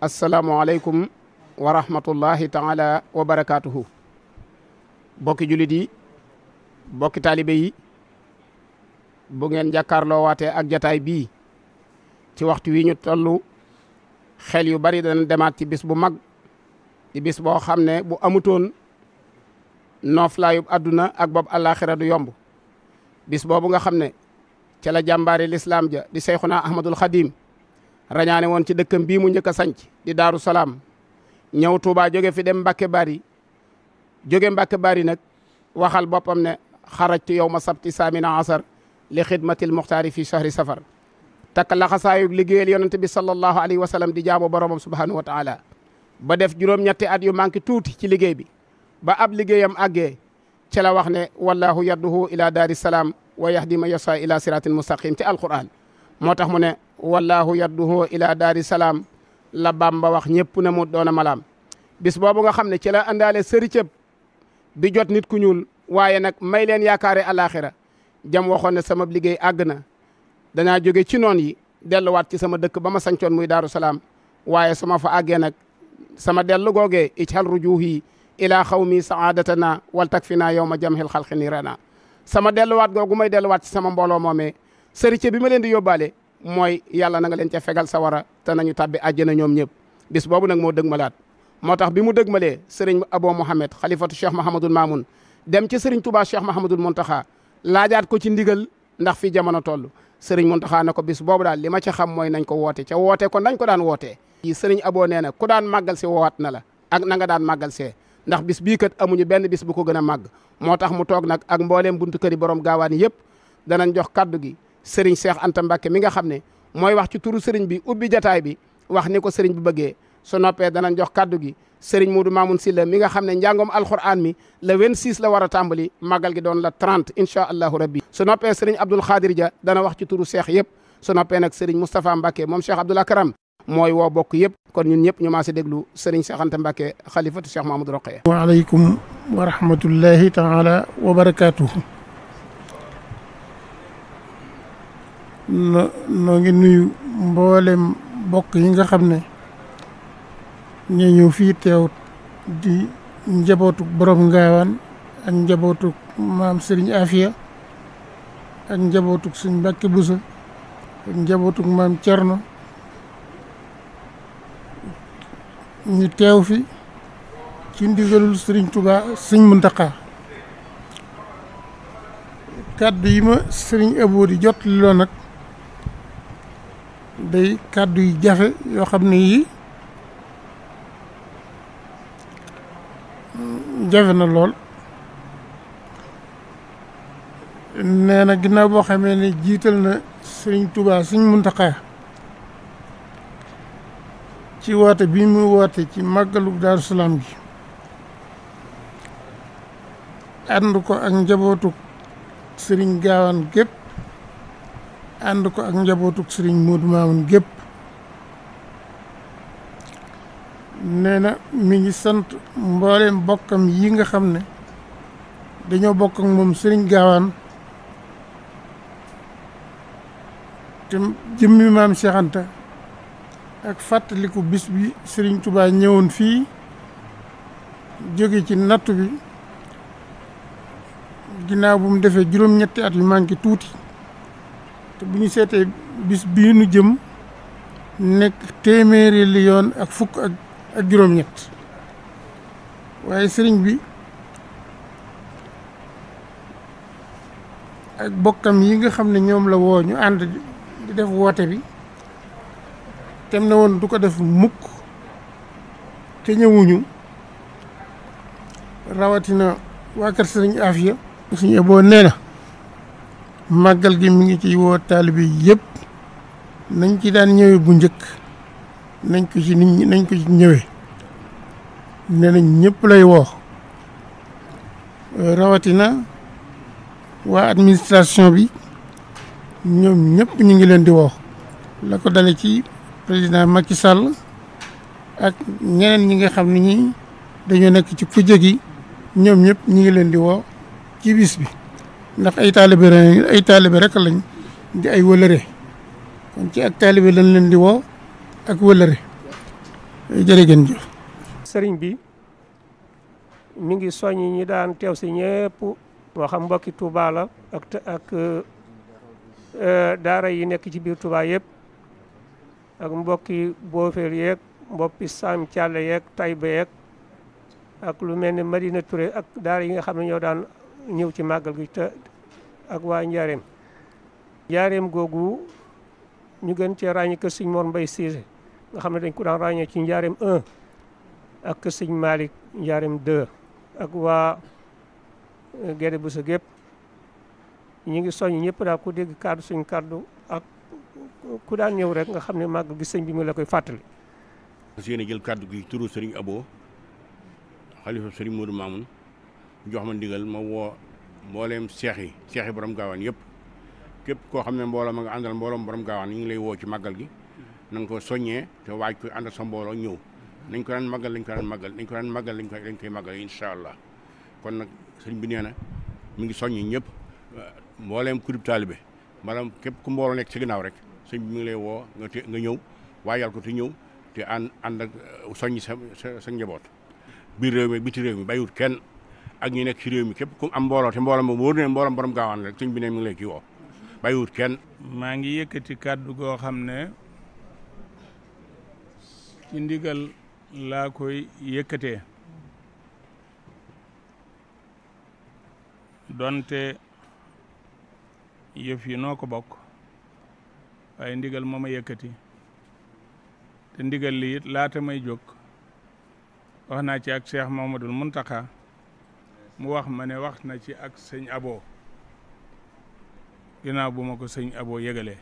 asalaamualeykum wa rahmatullahi taala wa barakaatuhu bokki jullit yi bokki taalibe yi bu ngeen jàkkaarloo waatee ak jataay bii ci waxtu wi ñu toll xel yu bari dana demaat ci bis bu mag di bis boo xam ne bu amutoon nooflaayub àdduna ak bopp àllaaxira du yomb bis boobu nga xam ne ca la jàmbaari lislaam ja di seyxuna ahmadul xadim rañane won ci dëkkam bi mu ñëk a sanc di daru salam ñëw Touba jóge fi dem Mbacke Bari jóge Mbacke Bari nak waxal bopam ne kharaj yow yawma sabti samina asar li khidmati al muxtaari fi shahr safar tak la laxasaayug liggéeyal yonent bi sallallahu alayhi wa sallam di jaamu borom subhanahu wa taala ba def juróom-ñetti at yu manki tuuti ci liggéey bi ba ab liggéeyam agge ci la wax ne wallahu yadduhu ila daari salam wa yahdi ma yasha ila siratin mustaqim ti alquran moo tax mu ne wallahu yarduhu ila daari salaam la Bamba wax ñëpp ne mu doon malaam bis boobu nga xam ne ci la àndaale sëri cëb di jot nit ku ñuul waaye nag may leen yaakaare alaxira jam waxoon ne sama liggéey àgg na danaa jóge ci noon yi delluwaat ci sama dëkk ba ma sancoon muy daaru salaam waaye sama fa àggee nag sama dellu googee ical rujuhi naa xawmi saadatana wal takfina yow ma jamhil xalqi nirana sama delluwaat googu may delluwaat ci sama mbooloo moomee sërice bi ma leen di yóbbaale mooy yàlla nanga nga leen ca fegal sawara te nañu tàbbi àjjana ñoom ñëpp bis boobu nag moo dëgmalaat moo tax bi mu dëgmalee sëriñ Abo Mohamed xalifatu cheikh Mahamadul Mamoun dem ci sëriñ Touba cheikh Mahamadul Montaxa laajaat ko ci ndigal ndax fi jamono toll sëriñ Montaxa na ko bis boobu daal li ma ca xam mooy nañ ko woote ca woote ko nañ ko daan wootee yi sëriñ Abo nee na ku daan màggal si woowaat na la ak na nga daan màggal see ndax bis bii kat amuñu benn bis bu ko gën a màgg moo tax mu toog nag ak mbooleem buntu këri borom gaawaan yëpp danañ jox kaddu gi sëriñ Cheikh Anta Mbacke mi nga xam ne mooy wax ci turu sëriñ bi ubbi jataay bi wax ni ko sëriñ bi bëggee su noppee danañ jox kàddu gi sëriñ Modou Mamoun Sylla mi nga xam ne njàngoom alxuraan mi le 26 la war a tàmbali màggal gi doon la 30 incha allahu rabbi su noppee sëriñ Abdoul Khadir Dia dana wax ci turu Cheikh yëpp su noppee nag sëriñ Moustapha Mbacke moom Cheikh Abdoul Akram mooy woo bokk yëpp kon ñun ñëpp ñu maa si déglu sëriñ Cheikh Anta Mbacke xalifatu Cheikh Mamadou Roqaya. waaleykum wa rahmatullahi taala wa barakaatuhu. no ngi nuyu mboolem bokk yi nga xamne ñi ñu fi tew di njabotu borom ngaawan ak njabotu maam serigne Afia ak njabotu suñu bakki Buso ak njabotu maam Cerno ñu tew fi ci ndigalul serigne touba serigne muntaka kaddu yi ma serigne abou di jot lo nak day kàddu yu jafe yoo xam ne yii jafe na lool nee na ginnaaw boo xamee ne jiital na sëriñ Tuubaa sëriñ Muntaxaa ci woote bi muy woote ci màggalu Daaru Salaam gi ànd ko ak njabootu sëriñ gaawaan gépp and ko ak njabotuk serigne Modou Mamoun gep Nena mi ngi sante mbooleem bokkam yi nga xam ne dañoo bokk ak mom serigne gawan tim jimmi mam Cheikh Anta ak fàttaliku bis bi serigne Touba ñëwoon fi jóge ci nattu bi ginaaw bu mu defee juróom-ñetti at yu manqué tuuti te bu ñu seetee bis bii nu jëm nekk téeméeri yoon ak fukk ak juróom-ñett waaye sëriñ bi ak bokkam yi nga xam ne ñoom la woo ñu ànd di def woote bi tem na woon du ko def mukk te ñëwuñu rawatina waa kër sëriñ Afia suñu boo nee na magal gi mi ngi ci woo taalibe yeb nañ ci daan ñëwé bu ñëk nañ ko ci nit ñi nañ ko ci ñëwé né nañ ñëpp lay wo rawatina wa administration bi ñom ñëpp ñi ngi leen di wo la ko dale ci président Macky Sall ak ñeneen ñi nga xam ne ñi nekk ci kujje gi ñom ñëpp ñi ngi leen di wo ci bis bi ndax ay taalibe ay lañ di ay wëlëre kon ci ak taalibe lañ leen di woo ak wëlëre jërë ngeen jëf sëriñ bi mi ngi soññ ñi daan teew si ñëpp moo xam mbokki Touba la ak e, daara yi nekk ci biir tubaa yëpp ak mbokki boofeel yeeg mboppi Sam Thialé yeeg Taïba yeeg ak lu mel ne Madina ture ak daara yi nga xam ne ñoo daan ñëw ci màggal gi te ak waa njaareem njaareem googu ñu gën cee ràññee kër sëñ Mor Mbay Siise nga xam ne dañ ko daan ràññee ci njaareem 1 ak kër sëñ Malick njaareem 2 ak waa Gede bu sa gépp ñu ngi soññ ñëpp daal ku dégg kàddu suñ kàddu ak ku daan ñëw rek nga xam ne màgg gi sëñ bi mu la koy fàttali. seen jël kàddu gi turu Serigne Abo xalifa Serigne Modou Mamoun jox ma ndigal ma woo mbooleem seex yi seex yi borom gaawaan yëpp képp koo xam ne mbooloo ma nga àndal mbooloom borom gaawaan ñu ngi lay woo ci màggal gi na nga ko soññee te waaj ko àndal sa mbooloo ñëw nañ ko daan màggal lañ ko daan màggal nañ ko daan màggal lañ ko lañ koy màggal incha allah kon nag sëñ bi nee na mi ngi soññi ñëpp eh, mbooleem kurib taalibe maanaam képp ku mbooloo nekk ci ginnaaw rek sëñ bi mi ngi lay woo nga te nga ñëw waajal ko te ñëw te an ànd ak eh, soññi sa sa sa njaboot biir réew mi biti réew mi bàyyiwut kenn ak ñu nekk ci réew mi képp ku am mbooloo te mbooloo moom wóor ne mbooloo borom gaawaan rek sëñ bi ne mi ngi lay ci woo bàyyiwut kenn. maa ngi yëkkati kàddu goo xam ne ci ndigal laa koy yëkkatee donte yëf yi noo ko bokk waaye ndigal moo ma yëkkati te ndigal li it laata may jóg wax naa ci ak Cheikh Mouhamadoul Mountakha. mu wax ma ne wax na ci ak sëñ aboo ginnaaw bu ma ko sëñ aboo yëgalee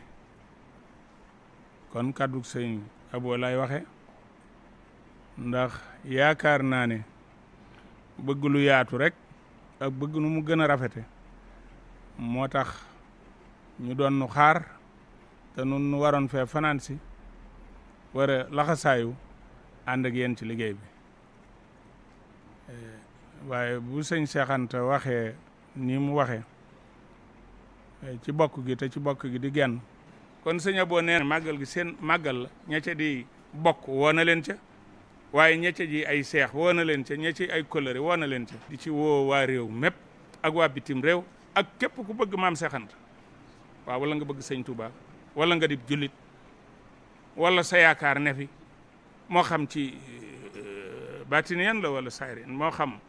kon kàddu sëñ aboo lay waxe ndax yaakaar naa ne bëgg lu yaatu rek ak bëgg nu mu gën a rafete moo tax ñu doon nu xaar te nu nu waroon fee fanaan si war a laxasaayu ànd ak yéen ci liggéey bi waaye bu sëñ Cheikh Anta waxee ni mu waxe eh, ci bokk gi te ci bokk gi di gen kon sëñ boo nee màggal gi seen màggal la ña di bokk woo na leen ca waaye ña ji ay seex woo na leen ca ña ci ay coloré woo na leen ca di ci woo waa réew mépp ak waa bitim réew ak képp ku bëgg maam Cheikh Anta waaw wala nga bëgg sëñ Touba wala nga di jullit wala sa yaakaar ne fi moo xam ci eh, eh, baatiniyan la wala sayreen moo xam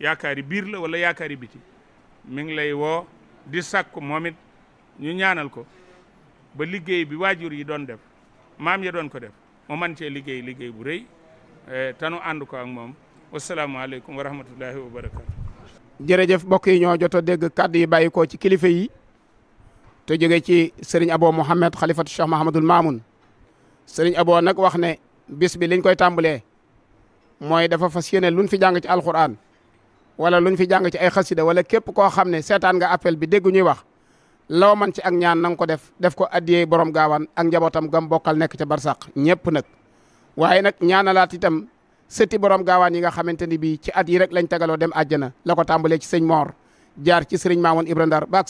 yaakaari biir la wala yaakaari biti mi ngi lay woo di sakku moom ñu ñaanal ko ba liggéey bi waajur yi doon def maam ya doon ko def mu man cee liggéey liggéey bu rëy e, tanu ànd ko ak moom wasalaamaaleykum wa rahmatullahi wa barakatu jërëjëf mbokk yi ñoo jot a dégg kàddu yi bàyyi ko ci kilifa yi te jóge ci sëriñ abo mouhamed xalifatu cheikh mahamadul mamoun sëriñ abo nag wax ne bis bi liñ koy tàmbalee mooy dafa fas yéene luñ fi jàng ci alquran wala luñ fi jang ci ay khasside wala kep ko xamne setan nga appel bi deggu ñuy wax law man ci ak ñaan nang ko def def ko addiyee borom gawan ak njabotam gam bokal nek ci barsak ñepp nak waye nak ñaanalat itam sëti borom gawan yi nga xamanteni bi ci at yi rek lañ tagalo dem aljana lako ko ci sëñ mor jaar ci sëriñ mamoun Ibra Ndar ba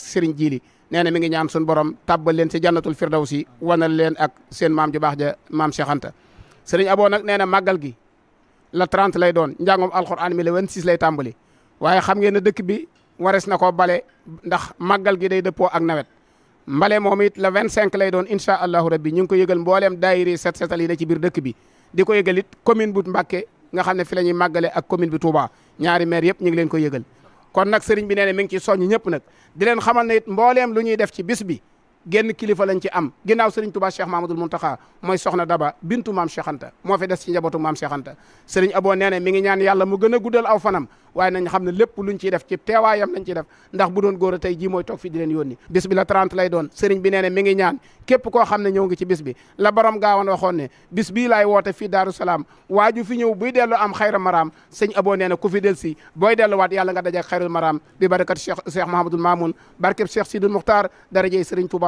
nee mi ngi ñaan sun borom tabal leen ci jannatul firdawsi wanal leen ak seen mam ju bax ja mam Cheikh Anta nee gi la 30 lay doon njangum alcorane mi le 26 lay tàmbali waye xam ngeen dëkk bi wares nako bale ndax magal gi day depo ak nawet mbale momit le 25 lay don insha allah rabbi ñing ko yëgal mbolem dairi set setal yi da ci bir dëkk bi diko ko commune bu mbacké nga xamné fi lañuy magalé ak commune bi Touba ñaari maire yëpp ñing leen ko yëgal kon nak sëriñ bi nee mi ngi ci soñ ñëpp nak di leen xamal ne it mbooleem lu ñuy def ci bis bi genn kilifa lañ ci am ginnaaw sëriñ Touba Cheikh Mamadou Mountakha mooy soxna Daba bintu maam Cheikh Anta moo fi des ci njabootu maam Cheikh Anta sëriñ Abo nee na mi ngi mu gën a guddal aw fanam waaye nañ xam ne lépp luñ ciy def ci teewaayam lañ ciy def ndax bu doon góor a tey jii fi di leen yónni bis bi la 30 lay doon sëriñ bi nee na mi ngi ci bis la borom gaawoon waxoon ne bis bii laay woote waaju fi ñëw